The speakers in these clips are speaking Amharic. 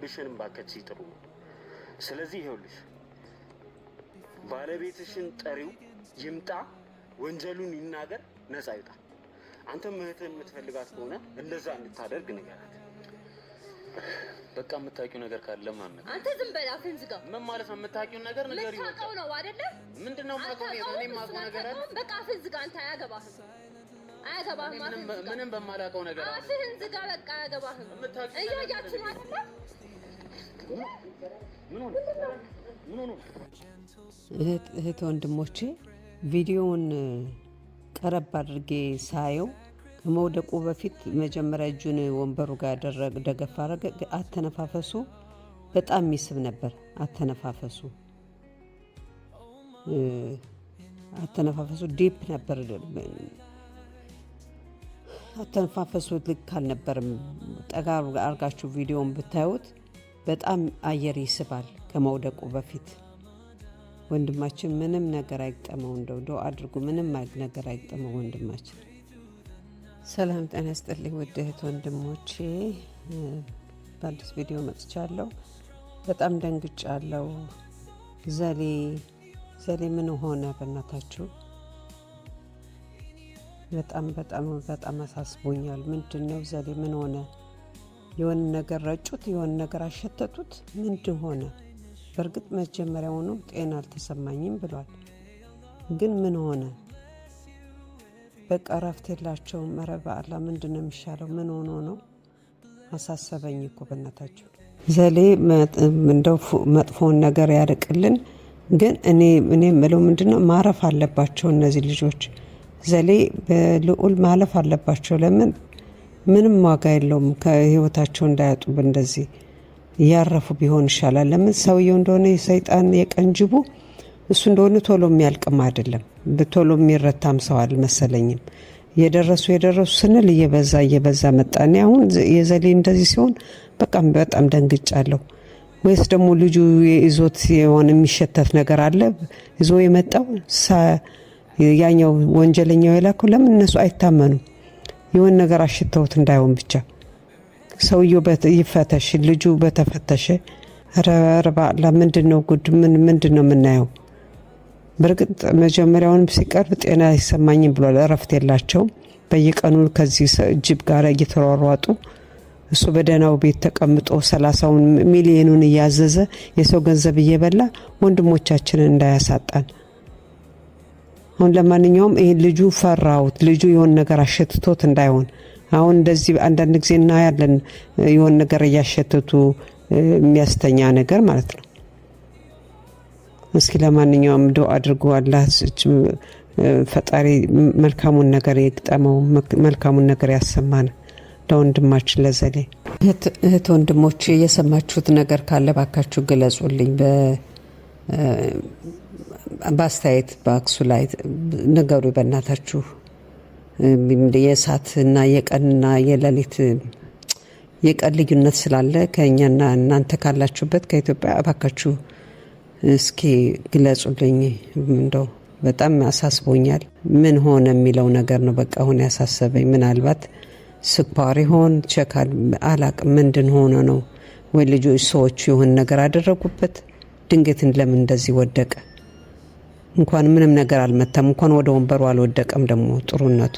ልሽንም ባከች ጥሩ ስለዚህ ይኸውልሽ ባለቤትሽን ጠሪው ይምጣ፣ ወንጀሉን ይናገር፣ ነፃ ይውጣ። አንተም እህትህን የምትፈልጋት ከሆነ እንደዛ እንድታደርግ ንገራት። በቃ የምታውቂው ነገር ካለ ማነው? አንተ ዝም በል አፍህን ዝጋ። ምን ማለት ነው? የምታውቂው ነገር ነገር ይሁን ልታውቀው ነው አይደለ? ምንድነው ማቆም እኔ ማቆም ነገር አለ። በቃ አፍህን ዝጋ። አንተ አያገባህም፣ አያገባህም። ምንም በማላውቀው ነገር አለ። አፍህን ዝጋ። በቃ አያገባህም። እያያችሁ ነው አይደለ? እህት ወንድሞቼ ቪዲዮውን ቀረብ አድርጌ ሳየው ከመውደቁ በፊት መጀመሪያ እጁን ወንበሩ ጋር ደገፍ አረገ። አተነፋፈሱ በጣም የሚስብ ነበር። አተነፋፈሱ አተነፋፈሱ ዲፕ ነበር። አተነፋፈሱ ልክ አልነበርም። ጠጋ አርጋችሁ ቪዲዮን ብታዩት በጣም አየር ይስባል። ከመውደቁ በፊት ወንድማችን ምንም ነገር አይግጠመው። እንደው ዶ አድርጉ። ምንም ነገር አይግጠመው ወንድማችን ሰላም ጤና ይስጥልኝ ውድ እህት ወንድሞቼ፣ በአዲስ ቪዲዮ መጥቻለሁ። በጣም ደንግጫለሁ። ዘሌ ዘሌ ምን ሆነ? በእናታችሁ በጣም በጣም በጣም አሳስቦኛል። ምንድን ነው ዘሌ ምን ሆነ? የሆነ ነገር ረጩት፣ የሆነ ነገር አሸተቱት፣ ምንድን ሆነ? በእርግጥ መጀመሪያውኑ ጤና አልተሰማኝም ብሏል፣ ግን ምን ሆነ? በቃ እረፍት የላቸውም። ኧረ በአላ ምንድን ነው የሚሻለው? ምን ሆኖ ነው? አሳሰበኝ እኮ በእናታችሁ። ዘሌ እንደው መጥፎውን ነገር ያርቅልን። ግን እኔ እኔ የምለው ምንድነው ማረፍ አለባቸው እነዚህ ልጆች። ዘሌ በልዑል ማለፍ አለባቸው። ለምን ምንም ዋጋ የለውም። ከህይወታቸው እንዳያጡ እንደዚህ እያረፉ ቢሆን ይሻላል። ለምን ሰውየው እንደሆነ የሰይጣን የቀንጅቡ እሱ እንደሆነ ቶሎ የሚያልቅም አይደለም ቶሎ የሚረታም ሰው አልመሰለኝም። የደረሱ የደረሱ ስንል እየበዛ እየበዛ መጣ። አሁን የዘሌ እንደዚህ ሲሆን በቃም በጣም ደንግጫለሁ። ወይስ ደግሞ ልጁ ይዞት የሆነ የሚሸተት ነገር አለ ይዞ የመጣው ያኛው ወንጀለኛው የላከው ለምን እነሱ አይታመኑም? የሆን ነገር አሽተውት እንዳይሆን ብቻ ሰውየው ይፈተሽ። ልጁ በተፈተሸ ረባ ምንድን ነው ጉድ? ምንድን ነው የምናየው? በእርግጥ መጀመሪያውንም ሲቀርብ ጤና አይሰማኝም ብሏል። እረፍት የላቸውም። በየቀኑ ከዚህ ጅብ ጋር እየተሯሯጡ እሱ በደህናው ቤት ተቀምጦ ሰላሳውን ሚሊዮኑን እያዘዘ የሰው ገንዘብ እየበላ ወንድሞቻችንን እንዳያሳጣን። አሁን ለማንኛውም ይህን ልጁ ፈራሁት። ልጁ የሆን ነገር አሸትቶት እንዳይሆን አሁን እንደዚህ አንዳንድ ጊዜ እናያለን። የሆን ነገር እያሸትቱ የሚያስተኛ ነገር ማለት ነው። እስኪ ለማንኛውም ዶ አድርጎ አላህ ፈጣሪ መልካሙን ነገር የግጠመው፣ መልካሙን ነገር ያሰማን። ለወንድማችን ለዘሌ እህት ወንድሞች የሰማችሁት ነገር ካለ ባካችሁ ግለጹልኝ። በአስተያየት በአክሱ ላይ ነገሩ በእናታችሁ የሰዓትና የቀንና የሌሊት የቀን ልዩነት ስላለ ከእኛና እናንተ ካላችሁበት ከኢትዮጵያ ባካችሁ? እስኪ ግለጹልኝ። እንደው በጣም አሳስቦኛል። ምን ሆነ የሚለው ነገር ነው በቃ አሁን ያሳሰበኝ። ምናልባት ስኳር ይሆን ቸካል አላቅ ምንድን ሆነ ነው ወይ ልጆች ሰዎቹ የሆን ነገር አደረጉበት? ድንገትን ለምን እንደዚህ ወደቀ? እንኳን ምንም ነገር አልመታም፣ እንኳን ወደ ወንበሩ አልወደቀም። ደግሞ ጥሩነቱ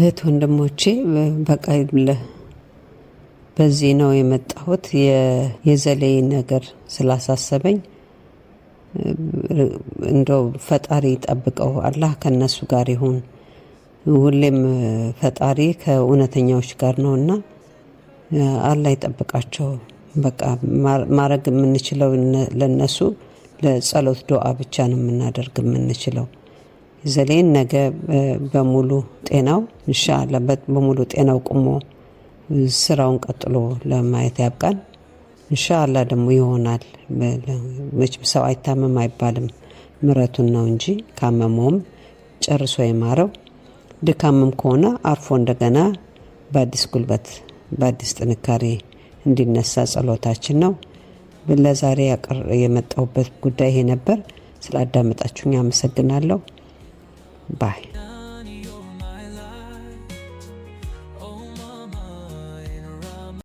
እህት ወንድሞቼ በቃ በዚህ ነው የመጣሁት የዘለይ ነገር ስላሳሰበኝ እንደው ፈጣሪ ጠብቀው፣ አላህ ከነሱ ጋር ይሁን። ሁሌም ፈጣሪ ከእውነተኛዎች ጋር ነው እና አላህ ይጠብቃቸው። በቃ ማድረግ የምንችለው ለነሱ ለጸሎት ዱዓ ብቻ ነው የምናደርግ የምንችለው። ዘሌን ነገ በሙሉ ጤናው እንሻላ በሙሉ ጤናው ቁሞ ስራውን ቀጥሎ ለማየት ያብቃን። እንሻላ ደግሞ ይሆናል። መቼም ሰው አይታመም አይባልም፣ ምረቱን ነው እንጂ ካመመውም ጨርሶ የማረው ድካምም ከሆነ አርፎ እንደገና በአዲስ ጉልበት በአዲስ ጥንካሬ እንዲነሳ ጸሎታችን ነው። ለዛሬ የመጣሁበት ጉዳይ ይሄ ነበር። ስላዳመጣችሁኝ አመሰግናለሁ ባይ